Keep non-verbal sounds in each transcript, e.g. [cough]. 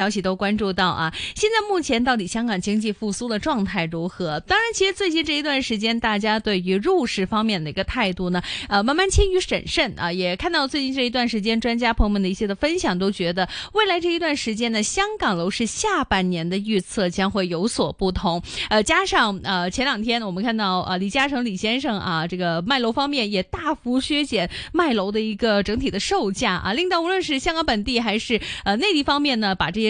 消息都關注到啊，現在目前到底香港經濟復蘇的狀態如何？當然，其實最近這一段時間，大家對於入市方面的一個態度呢，呃，慢慢趨於審慎啊，呃。也看到最近這一段時間，專家朋友們的一些的分享，都覺得未來這一段時間呢，香港樓市下半年的預測將會有所不同。呃，加上，呃，前兩天我們看到，呃，李嘉誠李先生啊，這個賣樓方面也大幅削減賣樓的一個整體的售價啊，令到無論是香港本地還是，呃，內地方面呢，把這些。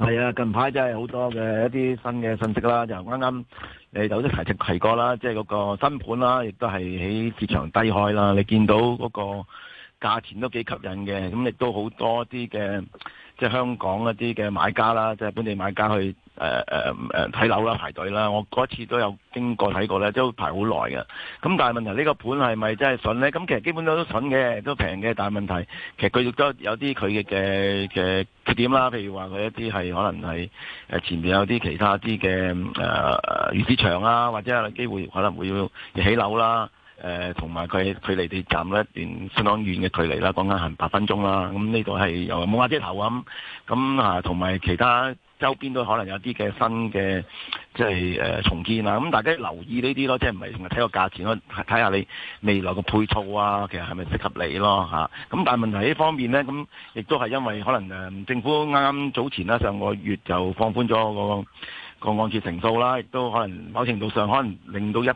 係啊，近排真係好多嘅一啲新嘅信息啦，剛剛就啱啱你有啲提提過啦，即係嗰個新盤啦，亦都係喺市場低開啦，你見到嗰、嗰個。價錢都幾吸引嘅，咁亦都好多啲嘅，即係香港一啲嘅買家啦，即係本地買家去誒誒誒睇樓啦、排隊啦。我嗰次都有經過睇過咧，都排好耐嘅。咁但係問題呢個盤係咪真係筍咧？咁其實基本上都都筍嘅，都平嘅。但係問題其實佢亦都有啲佢嘅嘅缺點啦。譬如話佢一啲係可能係誒前面有啲其他啲嘅誒誒魚市場啊，或者有機會可能會要要起樓啦。誒同埋佢距離地站一段相當遠嘅距離啦，講緊行八分鐘啦。咁呢度係又冇瓦遮頭咁，咁、嗯、啊同埋其他周邊都可能有啲嘅新嘅即係誒重建啊。咁、嗯、大家留意呢啲咯，即係唔係淨係睇個價錢咯，睇下你未來嘅配套啊，其實係咪適合你咯嚇。咁、啊嗯、但係問題喺呢方面咧，咁、嗯、亦都係因為可能誒、呃、政府啱啱早前啦，上個月就放寬咗個個按揭成數啦，亦都可能某程度上可能令到一。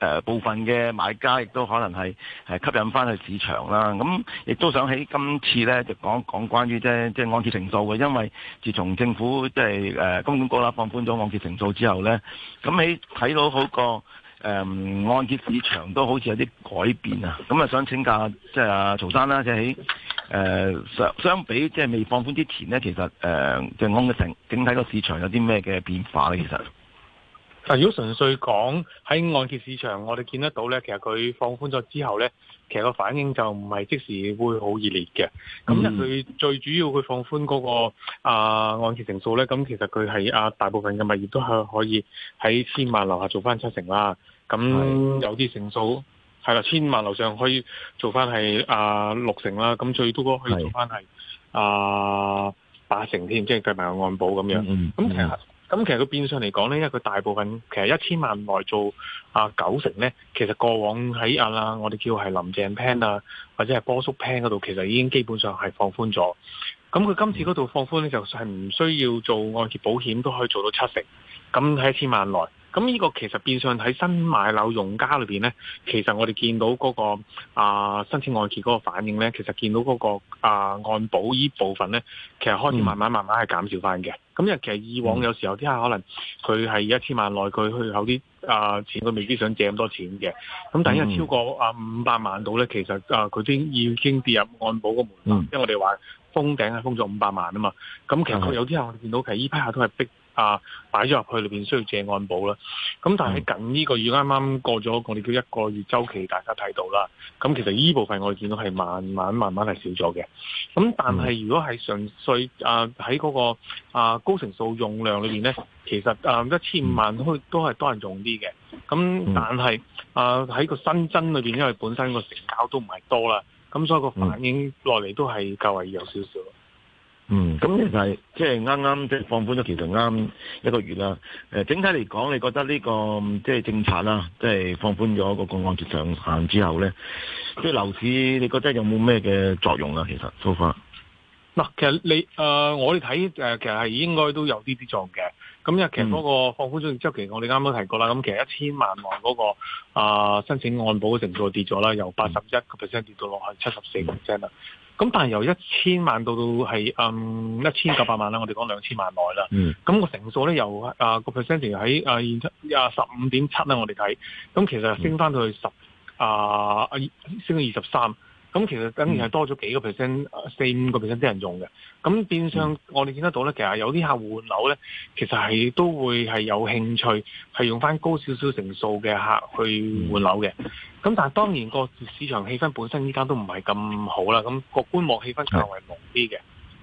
誒、呃、部分嘅買家亦都可能係係、啊、吸引翻去市場啦，咁亦都想喺今次咧就講講關於即係即係按揭成數嘅，因為自從政府即係誒金管局啦放寬咗按揭成數之後咧，咁喺睇到好個、呃、按揭市場都好似有啲改變啊，咁啊想請教即係、就是、啊曹生啦、啊，即係喺誒相相比即係未放寬之前咧，其實誒即係按揭成整體個市場有啲咩嘅變化咧，其實？呃就是。但如果純粹講喺按揭市場，我哋見得到咧，其實佢放寬咗之後咧，其實個反應就唔係即時會好熱烈嘅。咁佢、嗯、最主要佢放寬嗰個啊按揭成數咧，咁、呃、其實佢係啊大部分嘅物業都係可以喺千萬樓下做翻七成啦。咁、嗯、是有啲成數係啦，千萬樓上可以做翻係啊六成啦。咁最多可以做翻係啊八成添，即係計埋個按保咁樣。咁其實咁其實佢變相嚟講呢，因為佢大部分其實一千萬內做啊九成呢，其實過往喺啊，我哋叫係林鄭 plan 啊，或者係波叔 plan 嗰度，其實已經基本上係放寬咗。咁佢今次嗰度放寬呢，就係、是、唔需要做按揭保險都可以做到七成，咁喺一千萬內。咁呢個其實變相喺新買樓用家裏邊咧，其實我哋見到嗰、那個啊、呃、申請按揭嗰個反應咧，其實見到嗰、那個啊按、呃、保依部分咧，其實開始慢慢慢慢係減少翻嘅。咁因為其實以往有時候啲客、嗯、可能佢係一千萬內，佢去有啲啊錢佢未必想借咁多錢嘅。咁但係因為超過啊五百萬度咧，其實啊佢都已經跌入按保嘅門檻，嗯、因為我哋話封頂係封咗五百萬啊嘛。咁其實有啲客我見到其實依批客都係逼。啊！擺咗入去裏邊需要借按保啦。咁、嗯、但係喺近呢個月啱啱過咗我哋叫一個月週期，大家睇到啦。咁、嗯、其實呢部分我哋見到係慢慢慢慢係少咗嘅。咁、嗯、但係如果係純粹啊喺嗰、嗰個啊高成數用量裏邊咧，其實啊一千五萬都都係多人用啲嘅。咁、嗯、但係啊喺個新增裏邊，因為本身個成交都唔係多啦，咁、嗯、所以個反應落嚟都係較為有少少。嗯，咁、嗯、其實係即係啱啱即係放寬咗，其實啱一個月啦。誒、呃，整體嚟講，你覺得呢、這個即係政策啦，即、嗯、係、就是、放寬咗個供按揭上限之後咧，即係樓市，你覺得有冇咩嘅作用啦？其實，so far 嗱，其實你誒，我哋睇誒，其實係應該都有啲啲作用嘅。咁、嗯、因、嗯、其實嗰個放寬咗之後，其實我哋啱啱提過啦。咁其實一千萬萬嗰、那個啊、呃、申請按保嘅成數跌咗啦，由八十一個 percent 跌到落去七十四個 percent 啦。咁但係由一千萬到到係誒一千九百萬啦，我哋講兩千萬內啦。咁個、嗯嗯、成數咧由啊個 percent 喺啊二啊十五點七啦，呃呃、7, 我哋睇，咁、嗯嗯、其實升翻到去十啊、呃、升到二十三。咁其實等於係多咗幾個 percent，四五個 percent 啲人用嘅。咁變相我哋見得到咧，其實有啲客戶換樓咧，其實係都會係有興趣係用返高少少成數嘅客去換樓嘅。咁但係當然個市場氣氛本身依家都唔係咁好啦，咁個觀望氣氛較為濃啲嘅。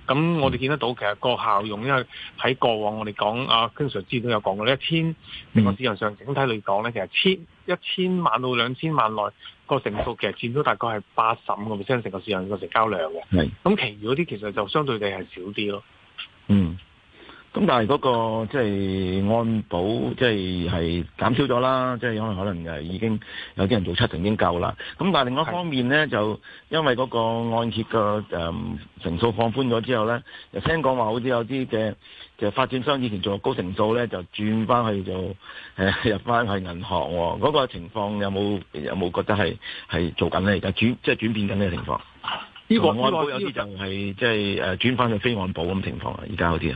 咁我哋見得到，其實個效用因為喺過往我哋講啊，經常之前都有講過，一千成個市場上整體嚟講咧，其實千一千萬到兩千萬內個成數其實佔到大概係八十五個 percent 成個市場個成交量嘅。係咁，其餘嗰啲其實就相對地係少啲咯。嗯。嗯嗯嗯咁但係嗰個即係按保，即係係減少咗啦。即係因為可能誒已經有啲人做七成已經夠啦。咁但係另一方面咧，是的 就因為嗰個按揭嘅誒成數放寬咗之後咧，聽講話好似有啲嘅嘅發展商以前做過高成數咧，就轉翻去做誒入翻去銀行喎、哦。嗰、那個情況有冇有冇覺得係係做緊咧？而家轉即係、就是、轉變緊呢個情況？呢個按保有啲就係即係誒轉翻去非按保咁情況啦。而家好似係。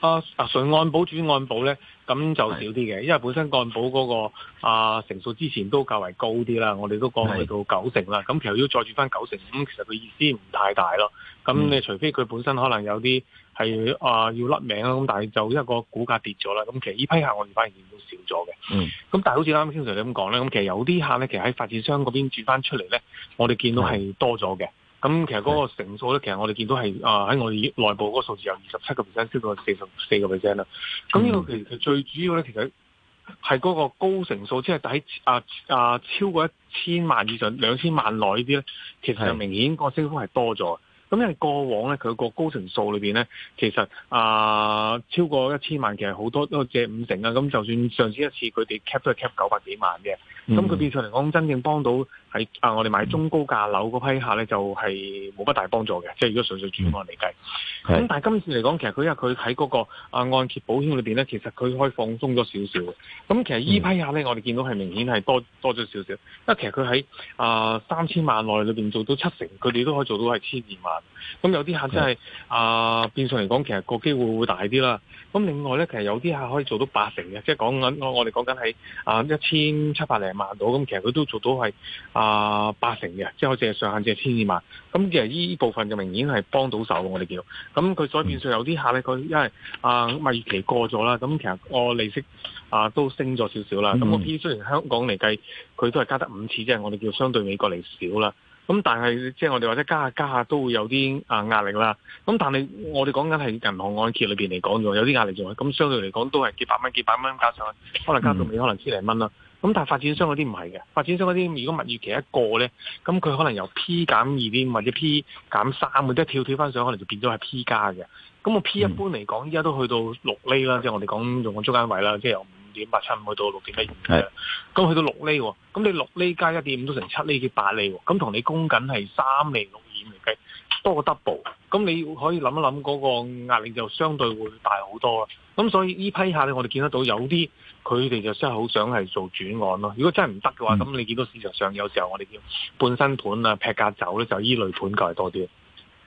啊！純按保轉按保咧，咁就少啲嘅，因為本身按保嗰個啊、呃、成數之前都較為高啲啦，我哋都過去到九成啦。咁的其實要再轉翻九成，咁其實佢意思唔太大咯。咁你除非佢本身可能有啲係啊要甩名啦，咁但係就一個股價跌咗啦，咁其實呢批客我哋反而見到少咗嘅。咁的但係好似啱啱 King Sir 你咁講咧，咁其實有啲客咧，其實喺發展商嗰邊轉翻出嚟咧，我哋見到係多咗嘅。咁其實嗰個成數咧，的其實我哋見到係啊喺我哋內部嗰個數字有二十七個 percent 超過四十四個 percent 啦。咁呢、嗯、個其實最主要咧，其實係嗰個高成數，即係喺啊啊超過一千萬以上、兩千萬內呢啲咧，其實就明顯個升幅係多咗。咁的因為過往咧，佢個高成數裏邊咧，其實啊、呃、超過一千萬，其實好多都借五成啊。咁就算上次一次佢哋 cap 都係 cap 九百幾萬嘅，咁佢變相嚟講真正幫到。嗯係啊！我哋買中高價樓嗰批客咧，就係冇乜大幫助嘅，即係如果純粹轉按嚟計。咁但係今次嚟講，其實佢因為佢喺嗰個啊按揭保險裏邊咧，其實佢可以放鬆咗少少。咁其實依批客咧，我哋見到係明顯係多多咗少少。因為其實佢喺啊三千萬內裏邊做到七成，佢哋都可以做到係千二萬。咁、嗯、有啲客真係啊、呃、變相嚟講，其實個機會會大啲啦。咁另外咧，其實有啲客可以做到八成嘅，即係講緊我哋講緊喺啊一千七百零萬到，咁其實佢都做到係。啊啊、呃，八成嘅，即係我淨係上限淨係千二萬，咁其實依部分就明顯係幫到手，我哋叫。咁佢所以上有啲客咧，佢因為啊，尾、呃、期過咗啦，咁其實我利息啊、呃、都升咗少少啦。咁我偏雖然香港嚟計，佢都係加得五次即係，我哋叫相對美國嚟少啦。咁但係即係我哋或者加下加下都會有啲啊壓力啦。咁但係我哋講緊係銀行按揭裏邊嚟講嘅，有啲壓力啫。咁相對嚟講都係幾百蚊、幾百蚊加上去，可能加到尾可能千零蚊啦。咁但係發展商嗰啲唔係嘅，發展商嗰啲如果物業期一過咧，咁佢可能由 P 減二點五，或者 P 減三或者跳跳翻上，可能就變咗係 P 加嘅。咁我 P 一般嚟講，依家都去到六厘啦，即係我哋講用個中間位啦，即係由五點八七五去到六點一五嘅。咁去到六厘喎，咁你六厘加一點五都成七厘幾八厘喎，咁同你供緊係三厘六二五嚟計，多個 double。咁你可以諗一諗嗰個壓力就相對會大好多啦。咁所以呢批下咧，我哋見得到有啲。佢哋就真係好想係做轉按咯、啊。如果真係唔得嘅話，咁、嗯、你見到市場上有時候我哋叫半新盤啊、劈價走咧，就依類盤較係多啲。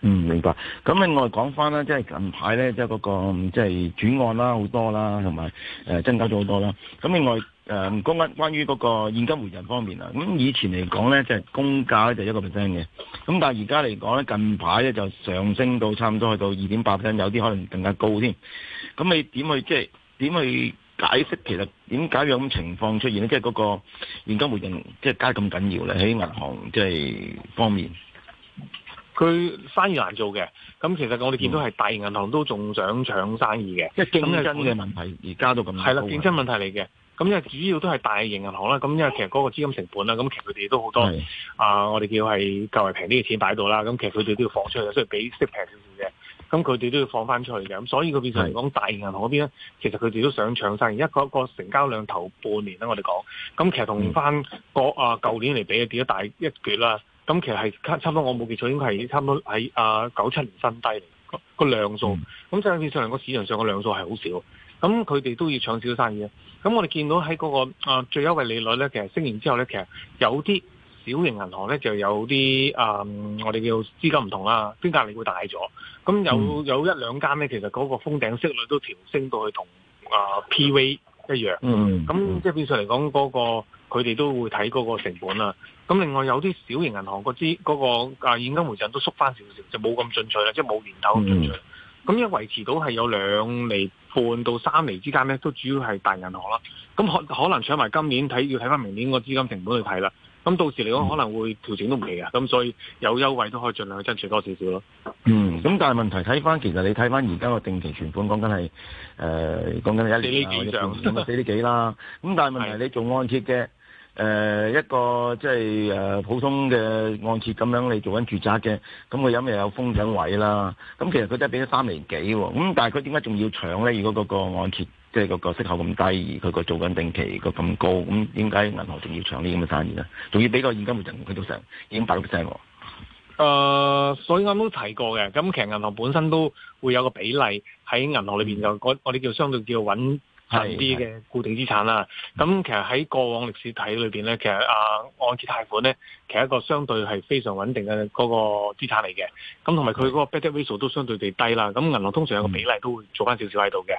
嗯，明白。咁另外講翻咧，即係近排咧，即係嗰、那個即係轉按啦，好多啦，同埋誒增加咗好多啦。咁另外誒，剛、呃、剛關於嗰個現金回贈方面啊，咁以前嚟講咧，就公價咧就一個 percent 嘅。咁但係而家嚟講咧，近排咧就上升到差唔多去到二點八 percent，有啲可能更加高添。咁你點去即係點去？解釋其實點解有咁情況出現咧，即係嗰個現金回應即係、就是、加咁緊要咧，喺銀行即係方面，佢生意難做嘅。咁、嗯嗯、其實我哋見到係大型銀行都仲想搶生意嘅，即係競爭嘅問題，而家都咁。係啦，競爭問題嚟嘅。咁因為主要都係大型銀行啦，咁因為其實嗰個資金成本啦，咁其實佢哋都好多啊的、呃，我哋叫係較為平啲嘅錢擺到啦。咁其實佢哋都要放出去，所以畀息平少少啫。咁佢哋都要放翻出去嘅，咁所以佢變成嚟講，大型銀行嗰邊咧，的其實佢哋都想搶生意。一個一個成交量頭半年咧，我哋講，咁其實同翻個啊舊年嚟比啊跌咗大一橛啦。咁其實係差唔多，我冇記錯應該係差唔多喺啊九七年新低。個、嗰個量數，咁所以變成嚟講，市場上個量數係好少。咁佢哋都要搶少生意咧。咁我哋見到喺嗰、嗰個啊、呃、最優惠利率咧，其實升完之後咧，其實有啲。小型銀行咧就有啲啊、嗯，我哋叫資金唔同啦，邊格利會大咗。咁有、嗯、有，有一兩間咧，其實嗰個封頂息率都調升到去同啊、呃、PV 一樣。咁、嗯嗯、即係變相嚟講，嗰、嗰個佢哋都會睇嗰個成本啦。咁另外有啲小型銀行資、嗰個資嗰個啊現金回贈都縮翻少少，就冇咁進取啦，即係冇年頭咁進取。咁、嗯、一維持到係有兩厘半到三厘之間咧，都主要係大銀行啦。咁可可能搶埋今年睇，要睇翻明年個資金成本去睇啦。咁到時嚟講可能會調整都唔嚟嘅，咁所以有優惠都可以盡量去爭取多少少咯。嗯，咁但係問題睇翻，其實你睇翻而家個定期存款講緊係誒，講緊係一年以上，咁啊，四點 [laughs] 幾啦。咁但係問題 [laughs] 你做按揭嘅，誒、呃、一個即係誒普通嘅按揭咁樣，你做緊住宅嘅，咁佢有為有封頂位啦，咁其實佢都係俾咗三年幾喎。咁但係佢點解仲要搶咧？如果嗰個按揭？即係個息口咁低，而佢個做緊定期個咁高，咁點解銀行仲要搶呢啲咁嘅生意咧？仲要俾個現金回贈佢到成，已經大碌聲喎。誒，所以我都提過嘅。咁其實銀行本身都會有個比例喺銀行裏邊，就我哋叫相對叫穩。沉啲嘅固定資產啦，咁其實喺過往歷史睇裏邊咧，其實啊按揭貸款咧，其實一個相對係非常穩定嘅嗰個資產嚟嘅，咁同埋佢嗰個 bad debt ratio 都相對地低啦，咁銀行通常有個比例都會做翻少少喺度嘅，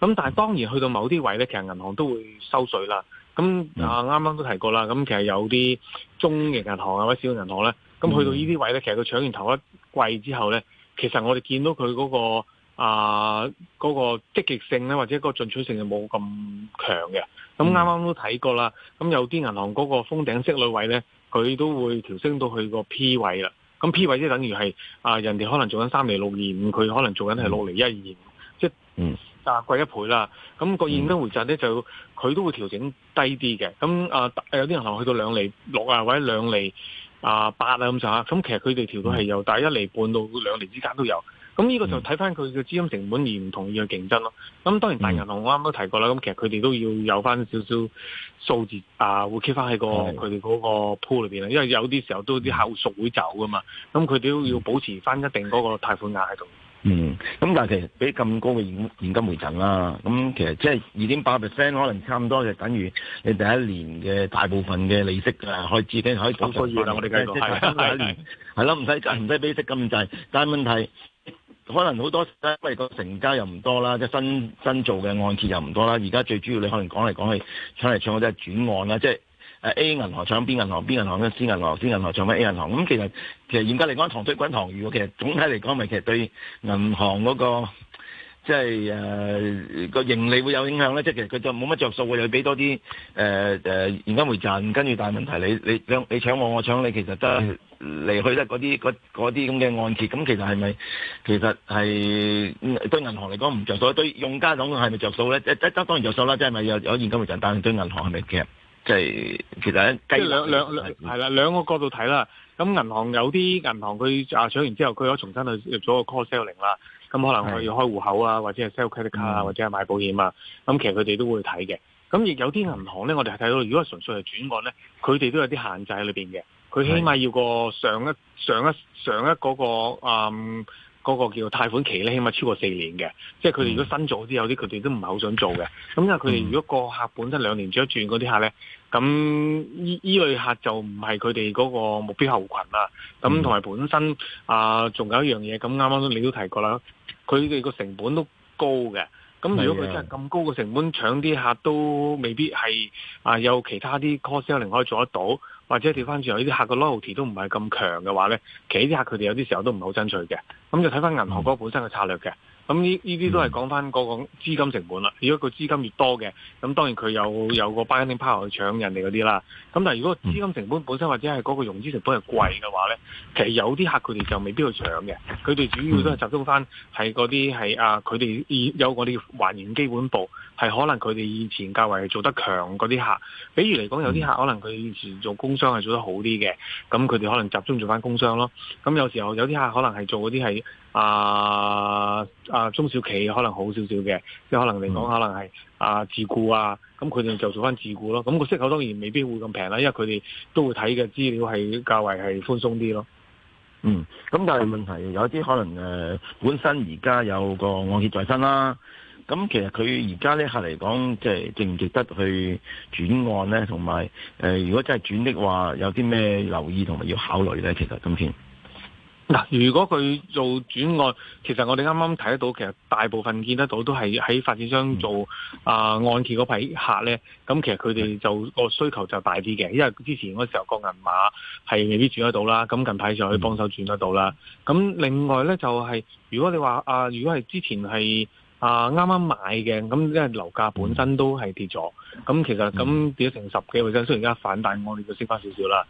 咁、嗯、但係當然去到某啲位咧，其實銀行都會收水啦，咁、嗯嗯、啊啱啱都提過啦，咁其實有啲中型銀行啊或者小型銀行咧，咁去到呢啲位咧，其實佢搶完頭一季之後咧，其實我哋見到佢嗰、嗰個。啊，嗰、嗰個積極性咧，或者個進取性就冇咁強嘅。咁啱啱都睇過啦。咁有啲銀行嗰個封頂息率位咧，佢都會調升到去個 P 位啦。咁 P 位即係等於係啊，人哋可能做緊三厘六二五，佢可能做緊係六厘一二五，嗯、即係嗯啊貴一倍啦。咁、嗰個現金回贈咧就佢都會調整低啲嘅。咁啊有啲銀行去到兩厘六啊，或者兩厘啊八啊咁上下。咁其實佢哋調到係由大一厘半到兩厘之間都有。咁呢、嗯、個就睇翻佢嘅資金成本而唔同呢嘅競爭咯。咁當然大銀行我啱啱都提過啦，咁其實佢哋都要有翻少少數字啊、uh,，會 keep 翻喺個佢哋嗰個 pool 裏邊啦。因為有啲時候都啲客戶熟會走噶嘛，咁佢哋都要保持翻一定嗰個貸款額喺度。嗯，咁但係，其實俾咁高嘅現現金回贈啦，咁其實即係二點八 percent，可能差唔多就等於你第一年嘅大部分嘅利息啊，可以自己可以補償。係是 [laughs] [noise] 啦，我哋計過第一年係咯，唔使唔使俾息咁滯，但係問題。可能好多時，因為個成交又唔多啦，即係新新做嘅按揭又唔多啦。而家最主要你可能講嚟講去搶嚟搶去都係轉案啦。即係誒 A 銀行搶邊銀行，邊銀行咧先銀行，先銀,銀,銀行搶返 A 銀行。咁、嗯、其實其實嚴格嚟講，塘水滾塘魚喎。其實總體嚟講，咪、就是、其實對銀行嗰、那個。即係誒個盈利會有影響咧，即係其實佢就冇乜着數喎，又要俾多啲誒誒現金回贈，跟住但係問題你你你搶我我搶你，其實得嚟去得嗰啲啲咁嘅按揭，咁、嗯、其實係咪其實係對銀行嚟講唔着數，對用家講係咪着數咧？一得當然着數啦，即係咪有有現金回贈，但係對銀行係咪其實即係其實雞肋？即係兩兩係啦，兩個角度睇啦。咁銀行有啲銀行佢啊搶完之後，佢可重新去入咗個 call selling 啦。咁、嗯、可能佢要開戶口啊，或者係 sell credit card 啊，或者係買保險啊。咁、嗯、其實佢哋都會睇嘅。咁亦有啲銀行咧，我哋係睇到，如果係純粹係轉按咧，佢哋都有啲限制喺裏邊嘅。佢起碼要個上一上一上一嗰、嗰個嗯、嗰個、叫貸款期咧，起碼超過四年嘅。即係佢哋如果新做啲有啲，佢哋都唔係好想做嘅。咁因為佢哋如果個客本身兩年轉一轉嗰啲客咧，咁依依類客就唔係佢哋嗰個目標客戶群啦。咁同埋本身啊，仲、呃、有一樣嘢，咁啱啱你都提過啦。佢哋個成本都高嘅，咁如果佢真係咁高個成本搶啲客，都未必係啊，有其他啲 cost 可能可以做得到，或者掉翻轉去啲客個 loyalty 都唔係咁強嘅話呢，其他啲客佢哋有啲時候都唔係好爭取嘅，咁就睇翻銀行嗰個本身嘅策略嘅。咁呢？呢啲都係講翻嗰個資金成本啦。如果個資金越多嘅，咁當然佢有有個 bargaining power 去搶人哋嗰啲啦。咁但係如果資金成本本本身或者係嗰個融資成本係貴嘅話呢，其實有啲客佢哋就未必去搶嘅。佢哋主要都係集中翻係嗰啲係啊，佢哋有嗰啲還原基本步，係可能佢哋以前較為係做得強嗰啲客。比如嚟講，有啲客可能佢以前做工商係做得好啲嘅，咁佢哋可能集中做翻工商咯。咁有時候有啲客可能係做嗰啲係。啊啊中小企可能好少少嘅，即係可能嚟講、嗯、可能係啊自雇啊，咁佢哋就做翻自雇咯。咁個息口當然未必會咁平啦，因為佢哋都會睇嘅資料係較為係寬鬆啲咯。嗯，咁但係問題有啲可能誒、呃，本身而家有個按揭在身啦。咁、嗯、其實佢而家呢客嚟講，即係值唔值得去轉按呢？同埋誒，如果真係轉的話，有啲咩留意同埋要考慮呢？其實今天。嗱，如果佢做轉案，其實我哋啱啱睇得到，其實大部分見得到都係喺發展商做啊按揭嗰批客咧，咁其實佢哋就個需求就大啲嘅，因為之前嗰時候個銀碼係未必轉得到啦，咁近排就可以幫手轉得到啦。咁另外咧就係、是，如果你話啊、呃，如果係之前係。啊！啱啱買嘅，咁因為樓價本身都係跌咗，咁其實咁跌咗成十幾 percent，雖然而家反彈點點，但我哋就升翻少少啦。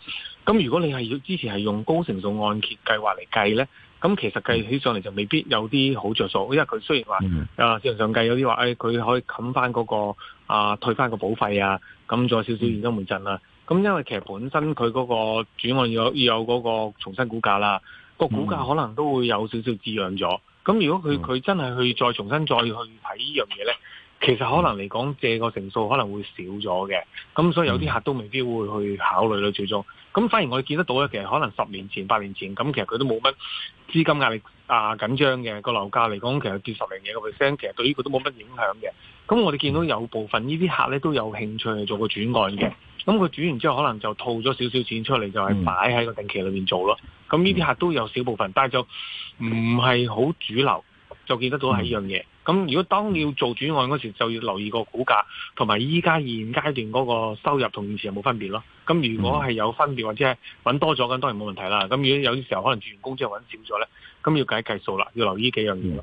咁如果你係要之前係用高成數按揭計劃嚟計咧，咁其實計起上嚟就未必有啲好着數，因為佢雖然話、嗯、啊，市場上計有啲話，誒、哎，佢可以冚翻嗰個啊，退翻個保費啊，咁再少少現金回贈啦。咁、啊、因為其實本身佢嗰個主按有要有嗰個重新估價啦，個估價可能都會有少少滋潤咗。嗯咁如果佢佢真係去再重新再去睇呢樣嘢呢，其實可能嚟講借個成數可能會少咗嘅，咁所以有啲客都未必會去考慮咯。最終，咁反而我哋見得到咧，其實可能十年前、八年前，咁其實佢都冇乜資金壓力啊緊張嘅個樓價嚟講，其實跌十零嘢個 percent，其實對於佢都冇乜影響嘅。咁我哋見到有部分呢啲客呢，都有興趣去做個轉案嘅。咁佢轉完之後，可能就套咗少少錢出嚟，嗯、就係擺喺個定期裏面做咯。咁呢啲客都有少部分，但係就唔係好主流，就見得到係呢樣嘢。咁、嗯、如果當要做轉按嗰時，就要留意個估價同埋依家現階段嗰個收入同現時有冇分別咯。咁如果係有分別或者係揾多咗咁，當然冇問題啦。咁如果有啲時候可能轉完工之後揾少咗呢，咁要計計數啦，要留意幾樣嘢。嗯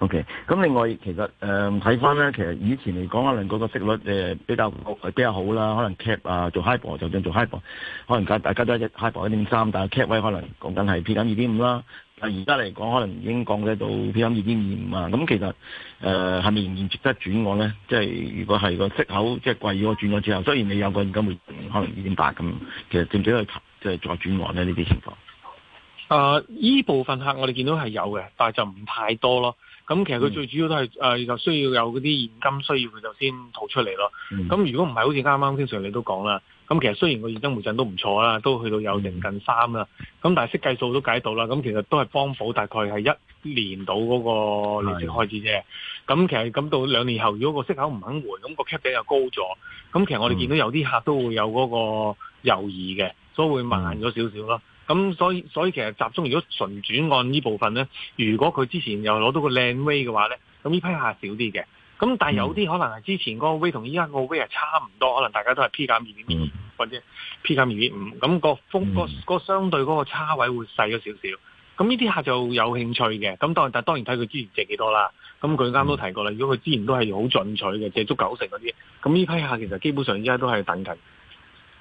OK，咁另外其實誒睇返咧，其實以前嚟講可能個個息率誒比較比較好啦，可能 cap 啊做 hyper 就算做 hyper，可能大家都係只 hyper 一點三，但係 cap 位可能講緊係 P M 二點五啦。但係而家嚟講，可能已經降低到 P M 二點二五啊。咁其實誒係咪仍然值得轉按咧？即係如果係個息口即係貴咗轉按之後，雖然你有個現金回可能二點八咁，其實值唔值得即係再轉按咧？呢啲情況啊，依、呃、部分客我哋見到係有嘅，但係就唔太多咯。咁、嗯、其實佢最主要都係誒，就需要有嗰啲現金需要佢就先吐出嚟咯。咁、嗯、如果唔係，好似啱啱丁常你都講啦，咁其實雖然個現金回贈都唔錯啦，都去到有零近三啦。咁但係識計數都計到啦。咁其實都係幫補大概係一年到嗰個利息開支啫。咁是的 其實咁到兩年後，如果個息口唔肯換，咁、個 cap rate 又高咗。咁其實我哋見到有啲客都會有嗰個猶疑嘅。都會慢咗少少咯，咁、嗯、所以所以其實集中如果純轉按呢部分呢，如果佢之前又攞到個靚 rate 嘅話呢，咁呢批客少啲嘅，咁但係有啲可能係之前嗰個 rate 同依家個 rate 係差唔多，可能大家都係 P 減二點二或者 P 減二點五，咁個風、嗯、個，個，個相對嗰個差位會細咗少少，咁呢啲客就有興趣嘅，咁當然但係當然睇佢之前借幾多啦，咁佢啱都提過啦，如果佢之前都係好進取嘅，借足九成嗰啲，咁呢批客其實基本上依家都係等緊。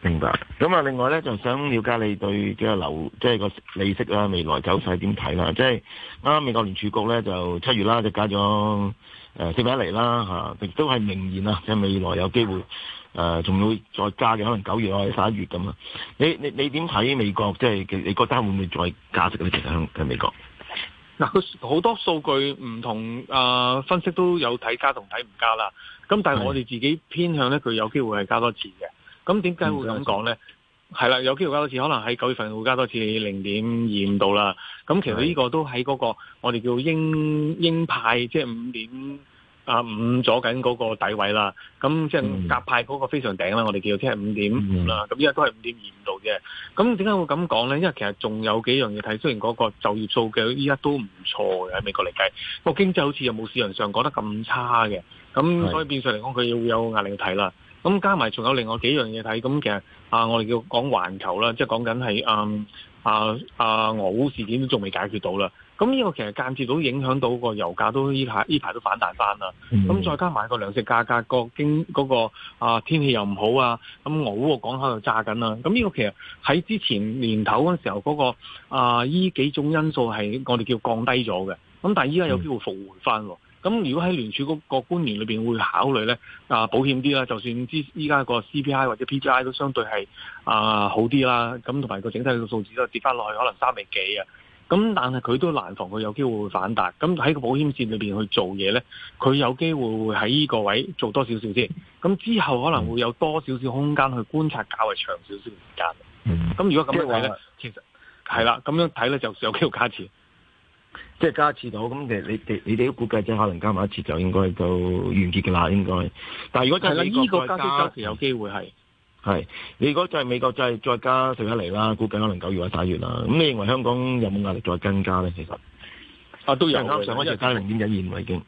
明白，咁啊，另外咧就想了解你對即係樓，即係個利息啦，未來走勢點睇啦？即係啱啱美國聯儲局咧就七月啦，就加咗誒四分一厘啦，吓亦都係明年啊，即係未來有機會誒仲、呃、會再加嘅，可能九月或者十一月咁啊。你你你點睇美國？即係你你覺得會唔會再加息咧？其實喺喺美國，嗱，好多數據唔同誒分析都有睇加同睇唔加啦。咁但係我哋自己偏向咧，佢有機會係加多次嘅。咁點解會咁講咧？係啦、嗯，有機會加多次，的可能喺九月份會加多次零點二五度啦。咁的其實呢個都喺嗰個我哋叫鷹，鷹派，即係五點啊五左緊嗰個底位啦。咁即係鴿派嗰個非常頂啦。我哋叫即係五點五啦。咁依家都係五點二五度啫。咁點解會咁講咧？因為其實仲有幾樣嘢睇。雖然嗰個就業數據依家都唔錯嘅，喺美國嚟計，個經濟好似又冇市場上講得咁差嘅。咁所以變相嚟講，佢會有壓力去睇啦。咁、嗯、加埋仲有另外幾樣嘢睇，咁其實啊、呃，我哋叫講環球啦，即係講緊係啊啊啊俄烏事件都仲未解決到啦。咁呢個其實間接都影響到個油價都，都呢排依排都反彈翻啦。咁、嗯嗯、再加埋個糧食價格，經那個經嗰個啊天氣又唔好啊，咁俄烏個港口又炸緊啦。咁呢個其實喺之前年頭嗰時候嗰、那個啊依、呃、幾種因素係我哋叫降低咗嘅，咁但係依家有機會復緩翻。嗯。咁如果喺聯儲嗰個官員裏邊會考慮呢啊、呃、保險啲啦，就算之依家個 CPI 或者 PPI 都相對係啊、呃、好啲啦，咁同埋個整體個數字都跌翻落去可能三釐幾啊，咁但係佢都難防佢有，有機會會反彈，咁喺個保險線裏邊去做嘢呢，佢有機會會喺呢個位做多少少先，咁之後可能會有多少少空間去觀察，較為長少少時間。咁如果咁樣睇呢，嗯、其實係啦，咁樣睇呢，就有機會加錢。即係加一次到，咁其實你哋你哋都估計即係可能加埋一次就應該就完結嘅啦，應該。但係如果就係美國加一次，暫時、啊這個、有機會係。係，你如果就係美國就係再加上一嚟啦，估計可能九月或者十一月啦。咁你認為香港有冇壓力再增加咧？其實啊，都有嘅。就上一次加零點一二五、啊、已經。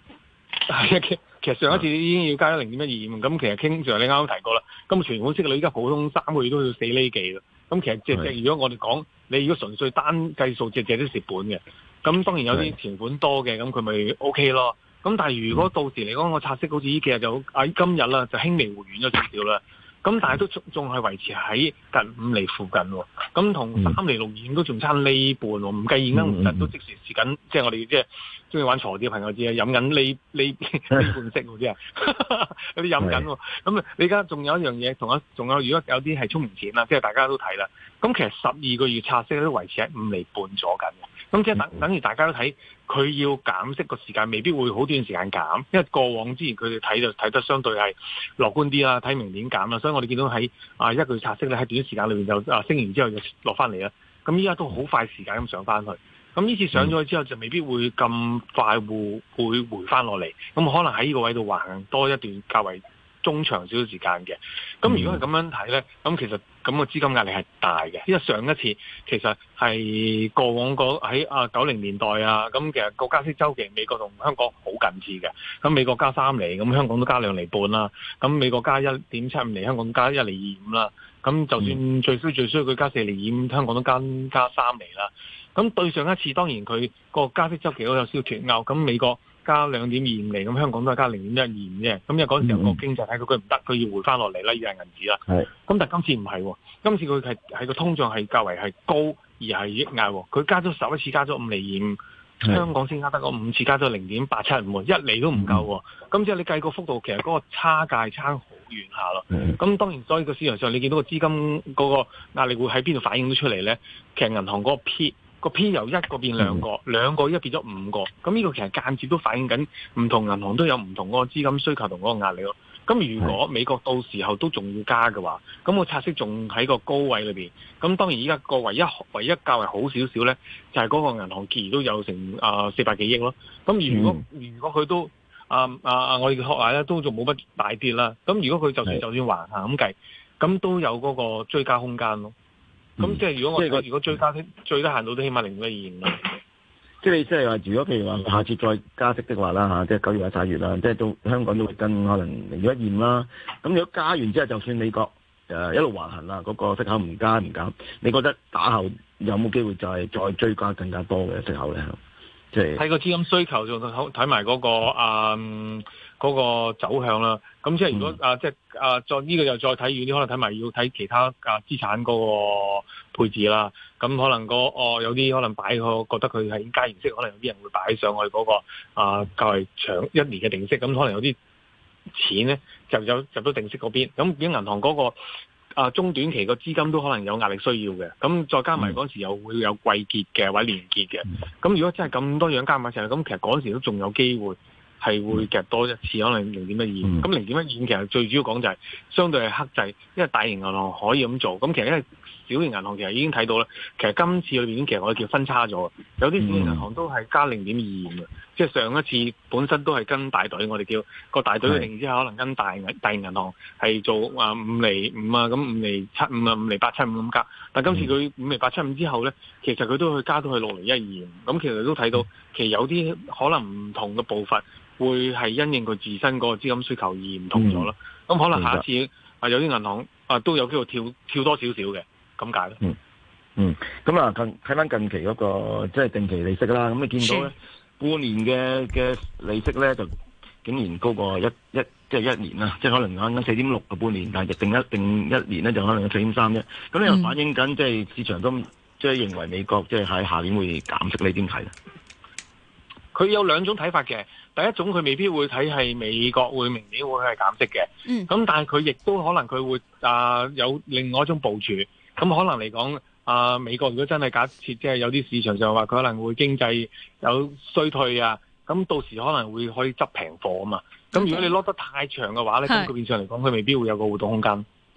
係其、啊、其實上一次已經要加一零點一二五，咁其實 King Sir 你啱啱提過啦。咁全股息你而家普通三個月都要四釐幾啦。咁其實即係即係如果我哋講，是你如果純粹單計數隻只都蝕本嘅。咁、嗯嗯、當然有啲條款多嘅，咁佢咪 O K 咯。咁但係如果到時嚟講，個拆息好似呢幾日就喺今日啦，就輕微回軟咗少少啦。咁但係都仲仲係維持喺近五厘附近喎。咁同三厘六遠都仲差呢半喎。唔計現金，其實都即時試緊，即係我哋即係。中意玩傻啲朋友知啦，飲緊呢呢半息喎，啲人有啲飲緊喎。咁啊，你而家仲有一樣嘢，同一仲有，如果有啲係充唔錢啦，即係大家都睇啦。咁其實十二個月拆息都維持喺五厘半左緊嘅。咁即係等等於大家都睇，佢要減息個時間未必會好短時間減，因為過往之前佢哋睇就睇得相對係樂觀啲啦，睇明年減啦。所以我哋見到喺啊一個月拆息咧喺短時間裏邊就啊升完之後就落翻嚟啦。咁依家都好快時間咁上翻去。咁呢次上咗去之後、嗯、就未必會咁快回會回翻落嚟，咁可能喺呢個位度橫多一段較為中長少少時間嘅。咁如果係咁樣睇呢，咁其實咁個資金壓力係大嘅，因為上一次其實係過往嗰喺啊九零年代啊，咁其實個加息周期美國同香港好近似嘅。咁美國加三厘，咁香港都加兩厘半啦。咁美國加一點七五厘，香港加一厘二五啦。咁、嗯、就算最衰最衰，佢加四厘二五，香港都加加三厘啦。咁對上一次當然佢個加息周期都有少脱鉤，咁美國加兩點二五厘，咁香港都係加零點一二五啫。咁因為嗰陣時候個經濟睇佢佢唔得，佢要回翻落嚟啦，要係銀紙啦。係是。咁但係今次唔係喎，今次佢係喺個通脹係較為係高而係壓、哦，佢加咗十一次，加咗五厘二五，香港先加得嗰五次，加咗零點八七五，一厘都唔夠喎。咁、嗯、即係你計個幅度，其實嗰個差價差好遠下咯。咁是當然所以個市場上，你見到個資金嗰個壓力會喺邊度反映到出嚟咧？其實銀行嗰個 P 個 P 由一個變兩個，兩個依家變咗五個，咁呢個其實間接都反映緊唔同銀行都有唔同嗰個資金需求同嗰個壓力咯。咁如果美國到時候都仲要加嘅話，咁個拆息仲喺個高位裏邊。咁當然依家個唯一唯一較為好少少咧，就係嗰個銀行結餘都有成啊、呃、四百幾億咯。咁如果、嗯、如果佢都啊啊啊，我哋嘅學衞咧都仲冇乜大跌啦。咁如果佢就算是的 就算還下咁計，咁都有嗰個追加空間咯。咁即係如果我即係、嗯、如果追加息，嗯、最低限度都起碼零點二厘啦。即係你即係話，如果譬如話下次再加息的話啦嚇、啊，即係九月或者十月啦，即係到香港都會跟可能零點二厘啦。咁如果加完之後，就算美國誒一路橫行啦，嗰、那個息口唔加唔減，你覺得打後有冇機會就再追加更加多嘅息口咧？即係睇個資金需求仲睇埋嗰個啊。嗯嗰個走向啦，咁即係如果、嗯、啊，即係啊，再呢、這個又再睇，遠啲可能睇埋要睇其他啊資產嗰個配置啦。咁可能、那個哦有啲可能擺個覺得佢係加定息，可能有啲人會擺上去嗰、那個啊較為長一年嘅定息。咁可能有啲錢咧就有入到定息嗰邊。咁如果銀行嗰、那個啊中短期個資金都可能有壓力需要嘅。咁再加埋嗰時又會有季結嘅或者連結嘅。咁、嗯、如果真係咁多樣加埋成，咁其實嗰時都仲有機會。係會夾多一次可能零點一二，咁零點一二其實最主要講就係相對係克制，因為大型銀行可以咁做，咁其實因為小型銀行其實已經睇到咧，其實今次裏邊已經其實我哋叫分叉咗，有啲小型銀行都係加零點二咁嘅，嗯、即係上一次本身都係跟大隊，我哋叫個大隊嘅定之後，可能跟大是大型銀行係做5 5啊五厘五啊咁五厘七五啊五厘八七五咁加，但今次佢五厘八七五之後咧，其實佢都去加到去六厘一二咁，其實都睇到其實有啲可能唔同嘅步伐。會係因應佢自身嗰個資金需求而唔同咗咯，咁、嗯、可能下次、嗯、啊有啲銀行啊都有機會跳跳多少少嘅，咁解咯、嗯。嗯、咁、嗯、啊、嗯嗯、近睇翻近，近期嗰個即係定期利息啦，咁、嗯嗯、你見到咧半年嘅嘅利息咧就竟然高過一一,一即係一年啦，即係可能啱啱四點六嘅半年，但係定一定一年咧就可能有四點三啫。咁呢又反映緊即係市場都即係認為美國即係喺下年會減息，你點睇咧？佢有兩種睇法嘅，第一種佢未必會睇係美國會明年會係減息嘅，咁、嗯、但係佢亦都可能佢會啊、呃、有另外一種部署。咁、嗯、可能嚟講啊美國如果真係假設即係有啲市場上話佢可能會經濟有衰退啊，咁、嗯、到時可能會可以執平貨啊嘛，咁、嗯、如果你攞得太長嘅話咧，咁佢變相嚟講佢未必會有個活動空間。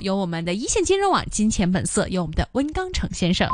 有我們的一線金融網，金錢本色，有我們的溫剛成先生。